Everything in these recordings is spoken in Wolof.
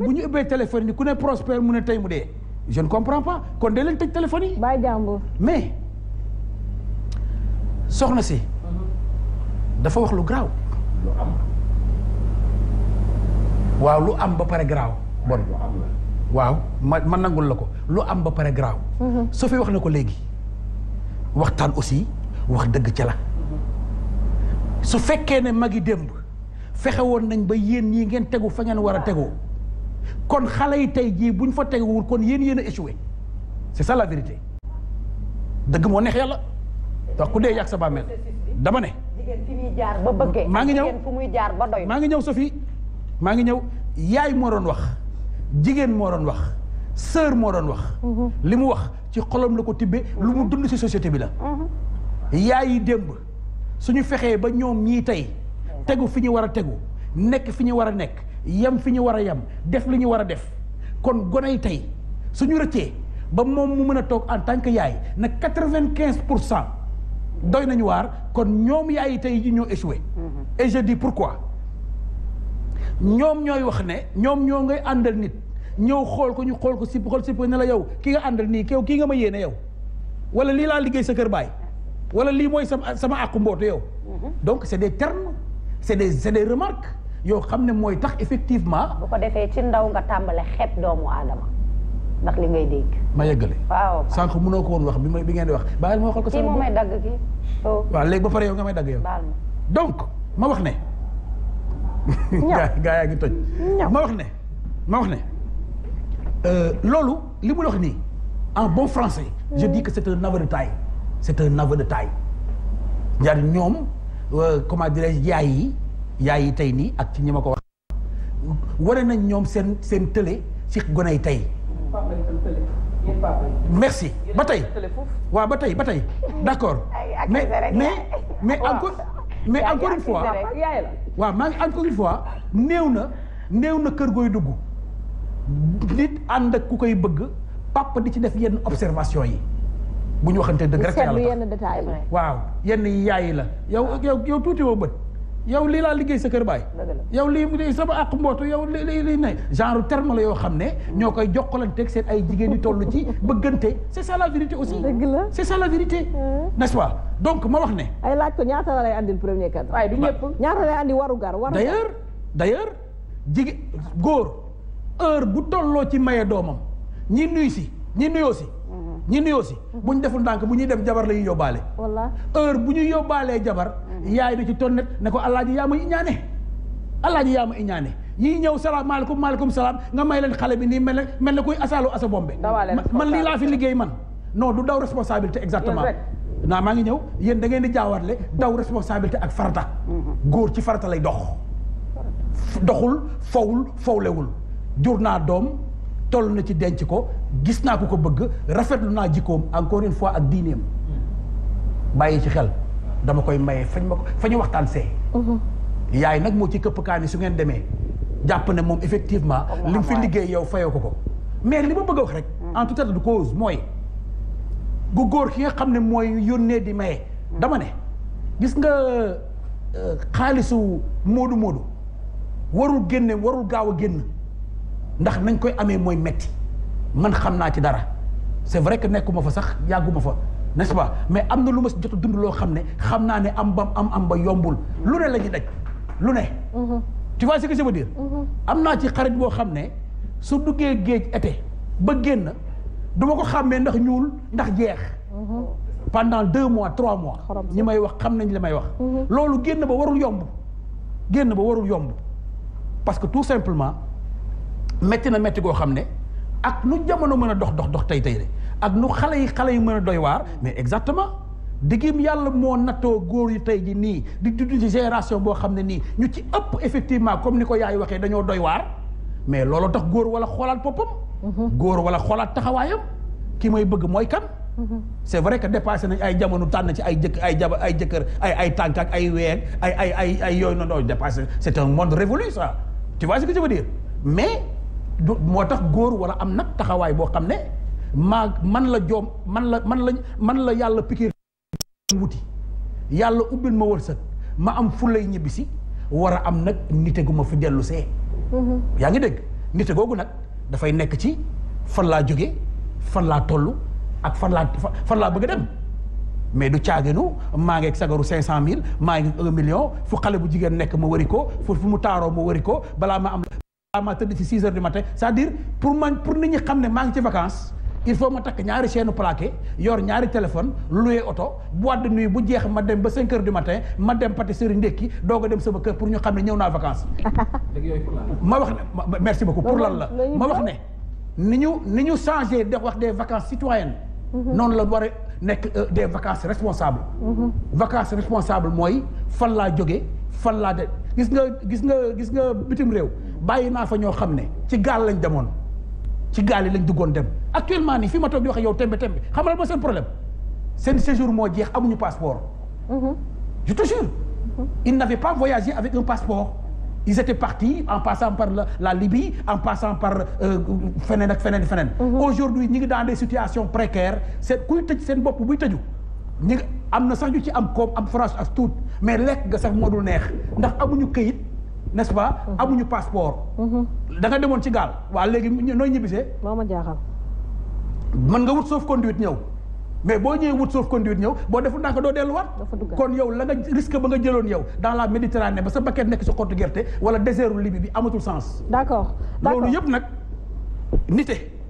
te bu ñu ubbee téléphone yi ku ne prospère mu ne tey mu dee jeune ne pas kon dee leen tëj téléphone yi. bàyyi jàmbur mais soxna si. dafa wax lu garaaw. am waaw lu am ba pare garaaw bon. waaw ma ma la ko lu am ba pare garaaw. Mm-hmm. su fi wax na ko léegi waxtaan aussi wax dëgg ca la. su fekkee ne magi démb fexe woon nañ ba yéen ñii ngeen tegu fa ngeen war a tegu. kon xale yi tey jii bu ñu fa teguwul kon yéen yéen a échoué c'est ça la vérité dëgg moo neex yàlla donc ku dee yàgg sa bàmmeel dama ne. jigéen fi muy ba maa ngi ñëw jigéen fu jaar ba doy. maa ngi ñëw Sophie maa ngi ñëw yaay moo doon wax jigéen moo doon wax sër moo doon wax. Mhm. li mu wax ci xolom la ko tibbee mhm. lu mu dund ci société bi la. Mhm. yaay yi démb suñu fexee ba ñoom ñii tey tegu fi ñu war a tegu nekk fi ñu war a nekk. yem fi ñu war a yem def li ñu war a def kon goney tey suñu rëccee ba moom mu mën a toog en tant que yaay na quatre-vingt-quinze pour cent doy nañu waar kon ñoom yaay yi tey ji ñoo échoué. Mm-hmm. et je pour quoi ñoom ñooy wax ne ñoom ñoo ngay àndal nit ñëw xool ko ñu xool ko si xool si ne la yow ki nga àndal nii kew kii nga ma yéene yow wala lii laa liggéey sa kër baay wala lii mooy sama sama àqu mbootu yow mm-hmm. donc c'est des termes c'est des c'est des remarques yow xam ne mooy tax effectivement. bu ko defee ci ndaw nga tàmbale xeet doomu aadama ndax li ngay dégg. ma yeggale. waaw sànq mënoo ko woon wax bi ma bi ngeen di wax. baal ma ko sama bopp kii moo may dagg oh. may dagg donc ma wax ne. gaa gaa yaa ngi toj. ma wax ne ma wax ne. Euh, loolu li mu wax ni en bon français. je hmm. di que c'est un aveu de taille. c'est un aveu de taille. ñaar ñoom euh, comment dirais-je yi. yaay yi tey nii ak ci ñi ma ko wax wane nañ ñoom seen seen tële ci goney tey merci ba tey waa ba tey ba tey d'accord mais mais mais encore mais encore une fois waaw maa ngi encore une fois néew na néew na kër gooy dugg nit ànd ak ku koy bëgg papa di ci def yenn observation yi bu ñu waxante dëgg rek yàlla waaw yenn yi yaayi la yow yow yow tuuti woo bët yow lii laa liggéey sa kër baay yow lii sama ak mbootu yow lii lii ne genre terme la yoo xam ne ñoo koy jokkalanteeg seen ay jigéen yu toll ci bëggante c'est ça la vérité aussi c'est ça la vérité mmh. n'est-ce pas donc ma wax ne ay laaj ko ñaata la lay andil premier cadre waaye du ñëpp ñaata lay andi waru gar waru d'ailleurs d'ailleurs jigéen góor heure bu tolloo ci maye doomam ñi nuyu si ñi nuyoo si mmh. ñi nuyoo si mmh. bu ñu deful ndànk bu ñuy dem jabar la ñuy yóbbaale heure bu ñuy yóbbaalee jabar yaay di ci tonnet ne ko alaaji yaa ma iñaane alaaji yaa ma iñaane ñii ñëw salaamaaleykum maaleykum salaam nga may leen xale bi nii mel ne mel ne kuy asaalu asa bombe man lii laa fi liggéey man non du daw responsabilité exactement naa maa ngi ñëw yéen dangeen ngeen di jaawatle daw responsabilité ak farata mhm. góor ci farata lay dox doxul fowul fowlewul jur naa doom toll na ci denc ko gis naa ko ko bëgg rafetlu naa jikkoom encore une fois ak diineem bàyyi ci xel dama koy mayee fañ ma ko fañu ñu waxtaan see. Mhm. yaay nag moo ci këpp kaani su ngeen demee jàpp ne moom effectivement. li mu fi liggéey yow fayoo ko ko. mais li ma bëgg a wax rek. Mhm. en tout état de cause mooy. gu góor ki nga xam ne mooy yónnee di maye. Mhm. dama ne gis nga euh, xaalisu moodu moodu warul génne warul gaaw a génn ndax nañ koy amee mooy metti man xam naa ci dara c'est vrai que nekkuma fa sax yàgguma fa. n'est-ce pas mais am na lu ma si jot a dund loo xam ne xam naa ne am bam am am ba yombul lu ne la ñuy daj lu ne. tu vois ce que je veux dire. am naa ci xarit boo xam ne su duggee géej été ba génn du ma ko xàmmee ndax ñuul ndax jeex. pendant deux mois trois mois. ñi may wax xam nañ li may wax. loolu génn ba warul yomb génn ba warul yomb parce que tout simplement métti na métti goo xam ne ak nu jamono mën a dox dox dox tey tey rek ak nu xale yi xale yi mën a doy waar mais exactement diggim yàlla moo nattoo góor yu tey ji nii di dund ci génération boo xam ne nii ñu ci ëpp effectivement comme ni ko yaay waxee dañoo doy waar mais loolu tax góor wala xoolaat boppam. Mhm. góor wala xoolaat taxawaayam ki may bëgg mooy kan. Mhm. c'est vrai que dépassé nañ ay jamono tànn ci ay jëkk ay jaba ay jëkkër ay ay tànk ay ween ay ay ay ay yooyu noonu dépassé c'est un monde révolu ça tu vois ce que je veux dire mais moo tax góor wala am nag taxawaay boo xam ne. maa man la joom man la man la man la yàlla pikiir wuti yàlla ubbil ma wërsëg ma am lay ñibbisi war a am nag nite gu ma fi dellu see mhm. yaa ngi dégg nite googu nag dafay nekk ci fan laa jóge fan laa toll ak fan laa fan laa bëgg dem mais du caaginu maa ngi ak sagaru cinq cent mille maa ngi ak un million fu xale bu jigéen nekk ma wari ko fu fu mu taaroo ma wari ko balaa ma am balaa ma tëdd ci six heures du matin cest à pour man pour nit ñu xam ne maa ngi ci vacances il faut ma takk ñaari chaîne plaqué yor ñaari téléphone loué oto boîte de nuit bu jeex ma dem ba cinq heures du matin ma dem pâtisserie ndékki doo a dem sama kër pour ñu xam ne ñëw naa vacances. ma wax merci beaucoup pour lan la ma wax ne ni ñu ni ñu changé de wax des vacances citoyennes mhm. noonu la war a nekk euh, des vacances responsables mhm. vacances responsables mooy fan laa jóge fan laa de gis nga gis nga gis nga bitim réew bàyyi naa fa ñoo xam ne ci gaal lañ demoon ci gaal yi lañ duggoon dem actuellement nii fi ma toog di wax yow tembe tembe xamal ma seen problème seen séjour moo jeex amuñu passeport. Mhm. je te jure. Mhm. ils n'avaient pas voyagé avec un passeport. ils étaient partis en passant par la, la Libye en passant par euh, feneen ak feneen feneen. Mhm. aujourd'hui ñi ngi dans des situation précaires c'est kuy tëj seen bopp buy tëju. ñi am na sax ñu ci am koom am France ak tout mais lekk nga sax moo dul neex ndax amuñu këyit. n'est-ce pas. Mhm. amuñu passeport. Mhm. da nga demoon ci gaal waa léegi nooy ñibbisee. moo ma jaaxal. mën nga wut sauf-conduit ñëw. mais boo ñëwee wut sauf-conduit ñëw boo deful ndànk doo delluwaat. kon yow la nga risque ba nga jëloon yow dans la Méditerranée ba sa bakket nekk sa xottu gerte wala désertu Libye bi amatul sens. d'accord d'accord loolu yëpp nag nite.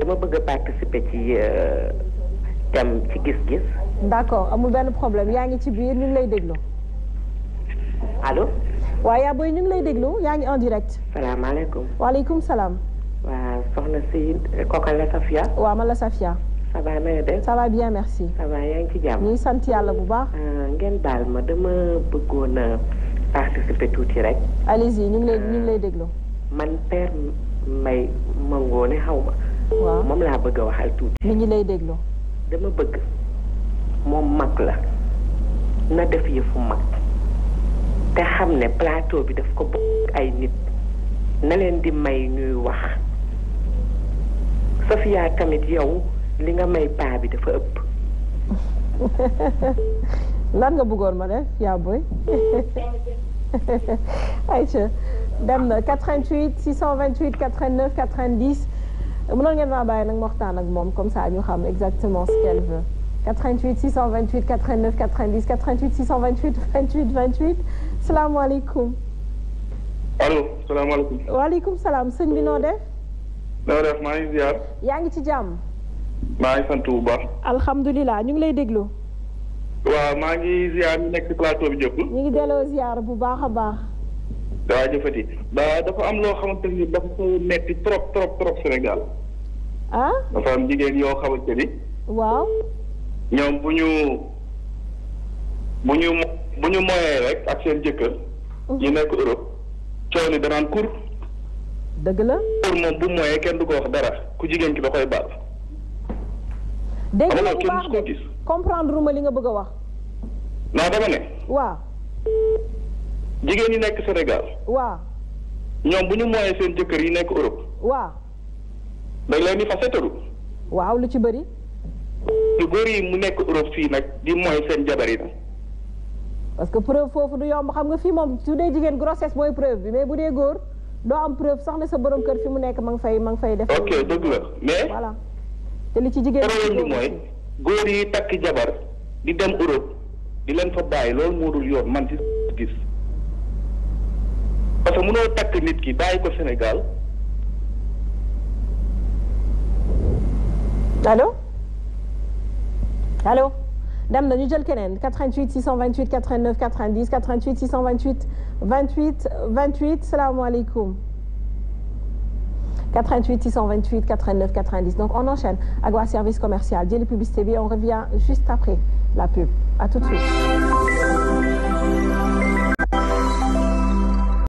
dama bëgg a participer ci euh, thème ci gis-gis. d'accord amul benn problème yaa ngi ci biir ñu ngi lay déglu. allo. waaw yaa booy ñu ngi lay déglu yaa ngi en direct. salaamaaleykum. waaleykum salaam. waaw soxna si kooka la Safia. waaw man la Safia. ça na de. ça bien merci. ça yaa ngi ci jàmm. ñuy sant yàlla bu baax. Ah, ngeen baal ma dama bëggoon participer tuuti rek. allez-y ñu ngi lay ñu ngi euh, lay déglu. man père Mbaye Mangone xaw ma. waaw moom laa bëgg a waxal tuuti. mi ngi lay déglu. dama bëgg moom mag la na def yëfu mag te xam ne plateau bi daf ko bokk ay nit na leen di may ñuy wax Safia tamit yow li nga may paa bi dafa ëpp. lan nga bëggoon ma def yaa booy Aïcha dem na 88 628 89 90. mënoon ngeen maa bàyyi nag ma waxtaan ak moom comme ça ñu xam exactement ce qu'elle veut 88 628 89 90 88 628 28 28 salaamaaleykum. allo salaamaaleykum. waaleykum salaam sëñ bi noo def. noo def maa ngi ziar. yaa ngi ci jàmm. maa ngi sant bu baax. alhamdulilah ñu ngi lay déglu. waaw maa ngi ziar ñu nekk ci plateau bi jëpp. ñu ngi delloo ziar bu baax a baax. waaw jëfati ba dafa am loo xamante ni dafa metti trop trop trop Sénégal. ah dafa am jigéen yoo xamante ni. waaw. ñoom bu ñu bu ñu bu ñu moyee rek ak seen jëkkër. Mhm. ñu nekk Europe coow li danaan kur. dëgg la kur moom bu moyee kenn du ko wax dara ku jigéen ki da koy baal. la nga kenn su ko gis. comprendre ma li nga bëgg a wax. naa dama ne. waaw. jigéen yi nekk Sénégal. waa ñoom bu ñu mooyee seen jëkkër yi nekk Europe. waa dañ leen di fasetaru. waaw lu ci bëri. lu góor yi mu nekk Europe fii nag di mooy seen jabar yi. parce que preuve foofu du yomb xam nga fii moom su dee jigéen grossesse mooy preuve bi mais bu dee góor doo am preuve sax ne sa borom kër fi mu nekk ma nga fay ma nga fay def. ok dëgg la mais. te li ci jigéen problème mooy góor yi takk jabar di dem Europe di leen fa bàyyi loolu moo yoon man ci gis. parce que mënoo takk nit ki bàyyi ko Sénégal. allo allo dem na ñu jël keneen 88 628 89 90 88 628 28 28 salaamaaleykum 88 628 89 90 donc on enchaîne ak waa service commercial jëli publicité bi on revient juste après la pub à tout de suite.